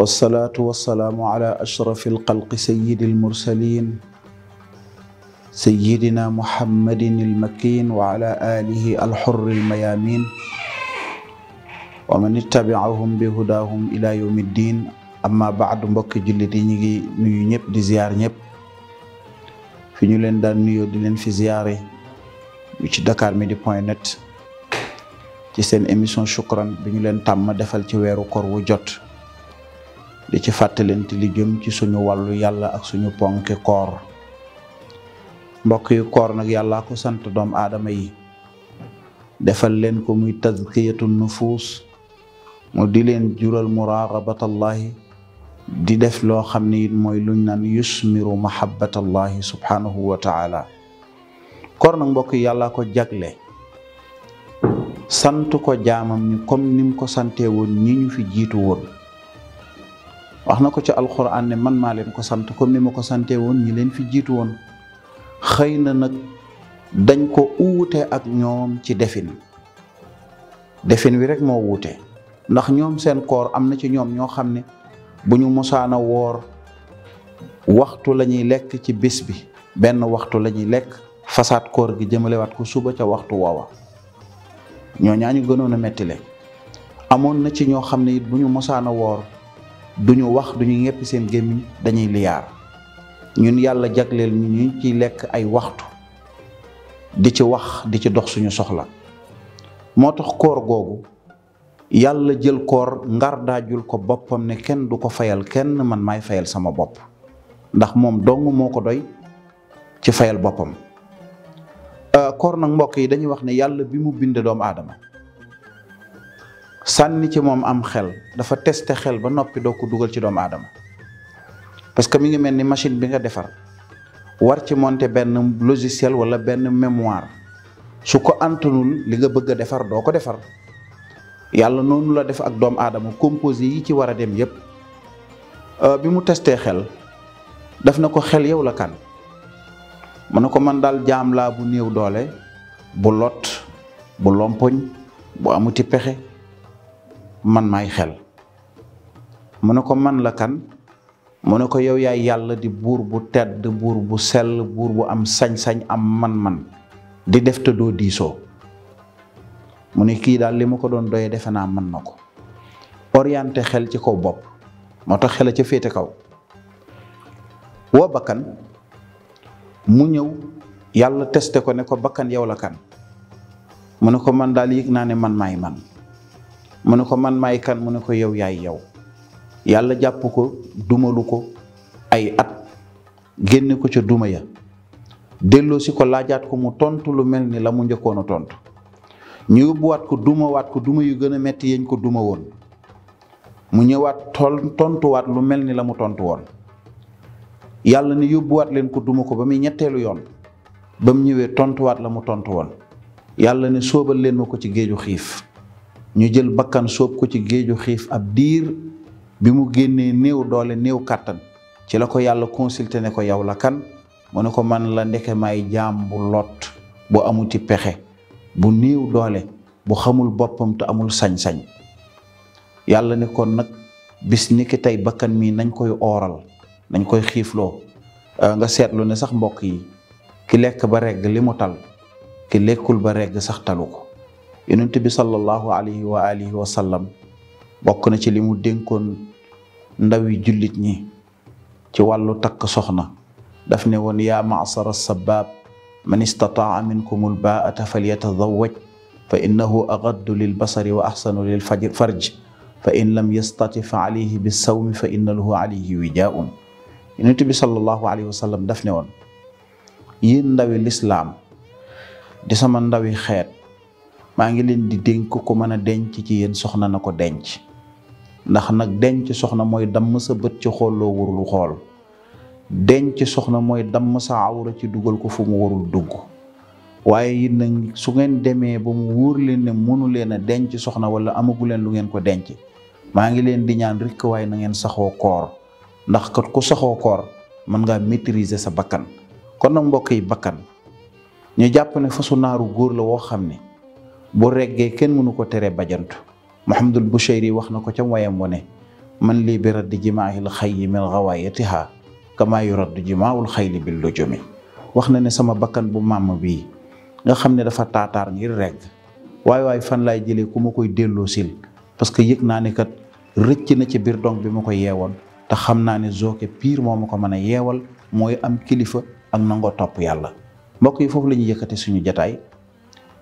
wasalaatu wasalaamu ala ashrafi alxalqi sayidi almursalin sayidina muhammadin almakin wa ala alihi almayamin wa man ittabiahum bi hudahum ila yawmi ddin amma baadu mbokki jullit yi ñu ngi nuyu ñëpp di ziyaar ñëpp fi ñu leen daan nuyoo di leen fi ziyaare yu ci dakar midi point net ci seen émission shukran bi ñu leen tàmm defal ci weeru kor wu di ci fàttalante li ci suñu wàllu yàlla ak suñu ponk koor mbokk yu koor nag yàlla ko sant doom aadama yi defal leen ko muy tazkiyatu nufuus mu di leen jural muraqabatallahi di def loo xam ne it mooy luñ naan yusmiru mahabbatallahi subhanahu wa taala koor nag mbokk yàlla ko jagle sant ko jaamam ñi nim ko sante woon ñi ñu fi jiitu woon wax na ko ci alxuraan ne man maa leen ko sant comme ni ma ko sante woon ñi leen fi jiitu woon xëy na nag dañ ko uute ak ñoom ci defin defin wi rek moo wuute ndax ñoom seen koor am na ci ñoom ñoo xam ne bu ñu musaana woor waxtu la ñuy lekk ci bis bi benn waxtu la lekk fasaat koor gi jëmalewaat ko suba ca waxtu woowa ñoo ñaañu gënoon a metti le amoon na ci ñoo xam ne it bu woor duñu wax duñu ñepp seen gémmiñ dañuy liyaar ñun yàlla jagleel ñu ñu ci lekk ay waxtu di ci wax di ci dox suñu soxla moo tax koor googu yàlla jël koor ngar daajul ko boppam ne kenn du ko fayal kenn man maay fayal sama bopp ndax moom dong moo ko doy ci fayal boppam euh, koor nag mbokk yi dañuy wax ne yàlla bi mu bind doomu aadama sànni ci moom am xel dafa teste xel ba noppi doo ko dugal ci doomu aadama parce que mi ngi mel ni machine bi nga defar war ci monter benn logiciel wala benn mémoire su ko antanul li nga bëgg a defar doo ko defar yàlla noonu la def ak doomu aadama composé yi ci war a dem yépp euh, bi mu testee xel daf na ko xel yow la kan mu ne ko man daal jaam laa bu néew doole bu lot bu lompoñ bu amuti pexe man maay xel mu ne ko man la kan mu ne ko yow yaay yàlla di buur bu tedd buur bu sell buur bu am sañ-sañ am man-man di def te doo diisoo mu ne kii daal li ma ko doon doyee defe naa man na ko orienté xel ci kaw bopp moo tax xel a ca féete kaw woo bakkan mu ñëw yàlla teste ko ne ko bakkan yow la kan mu ne ko man daal yëg naa ne man maay man mu ne ko man maay kan mu ne ko yow yaay yow yàlla jàpp ko dumalu ko ay at génne ko ca duma ya delloosi ko laajaat ko mu tontu lu mel ni la mu njëkkoon a tontu ñu yóbbuwaat ko dumawaat ko duma yu gën a metti yañ ko duma woon mu ñëwaat tontuwaat lu mel ni la mu tontu woon yàlla ne yóbbuwaat leen ko duma ko ba muy ñetteelu yoon ba mu ñëwee tontuwaat la mu tontu woon yàlla ne sóobal leen ma ko ci géeju xiif ñu jël bakkan soob ko ci géeju xiif ab diir bi mu génnee néew doole néew kàttan ci la ko yàlla consulté ne ko yow la kan mu ne ko man la ndeke may jaam bu lot bu amu ci pexe bu néew doole bu xamul boppam te amul sañ-sañ yàlla ne kon nag bis ni ki tey bakkan mii nañ koy ooral nañ koy xiifloo euh, nga seetlu ne sax mbokk yi ki lekk ba regg li mu tal ki lekkul ba regg sax talu ko yonent bi sallallahu alayhi wa alihi wa sallam bokk na ci li mu dénkoon ndawi jullit ñi ci wàllu takk soxna daf ne woon yaa maasara sabab man istataa minkum al baata falyatazawaj fa innahu agaddu lil basari wa axsanu lil farj fa in lam yastati fa alayhi bi sawmi fa inna lahu bi sallallahu alayhi wa sallam daf ne woon yéen ndawi lislaam di sama ndawi xeet maa ngi leen di dénk ko mën a denc ci yéen soxna na ko denc ndax nag denc soxna mooy damm sa bët ci xool loo xool denc soxna mooy damm sa awra ci dugal ko fu mu warul dugg waaye it nag su ngeen demee ba mu wóor leen ne mënu leen a denc soxna wala amagu leen lu ngeen ko denc maa ngi leen di ñaan rekk waaye na ngeen saxoo koor ndax kat ku saxoo koor mën ngaa maîtriser sa bakkan kon nag mbokk yi bakkan ñu jàpp ne fasu naaru góor la woo xam ne bu reggee kenn mënu ko tere bajantu Muhammadul yi wax na ko ca wayam wone man lii bi raddi jimaahil xayyi min gawaayatiha kamaa yuraddu jimaahul xayli bil lujumi wax na ne sama bakkan bu màmm bii nga xam ne dafa taataar ngir regg waaye waaye fan laay jëlee ku ma koy delloo parce que yëg naa ne kat rëcc na ci biir dong bi ma ko yeewoon te xam naa ne zooke piir moo ma ko mën a yeewal mooy am kilifa ak nangoo topp yàlla mbokk yi foofu la ñuy yëkkate suñu jataay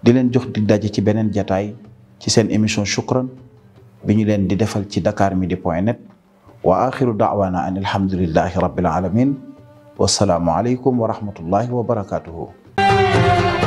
di leen jox di daje ci beneen jataay ci seen émission shukran bi ñu leen di defal ci dakar midi point net wa axiru daawana an alhamdulillahi rabbil alamin wasalaamu aleykum wa rahmatullahi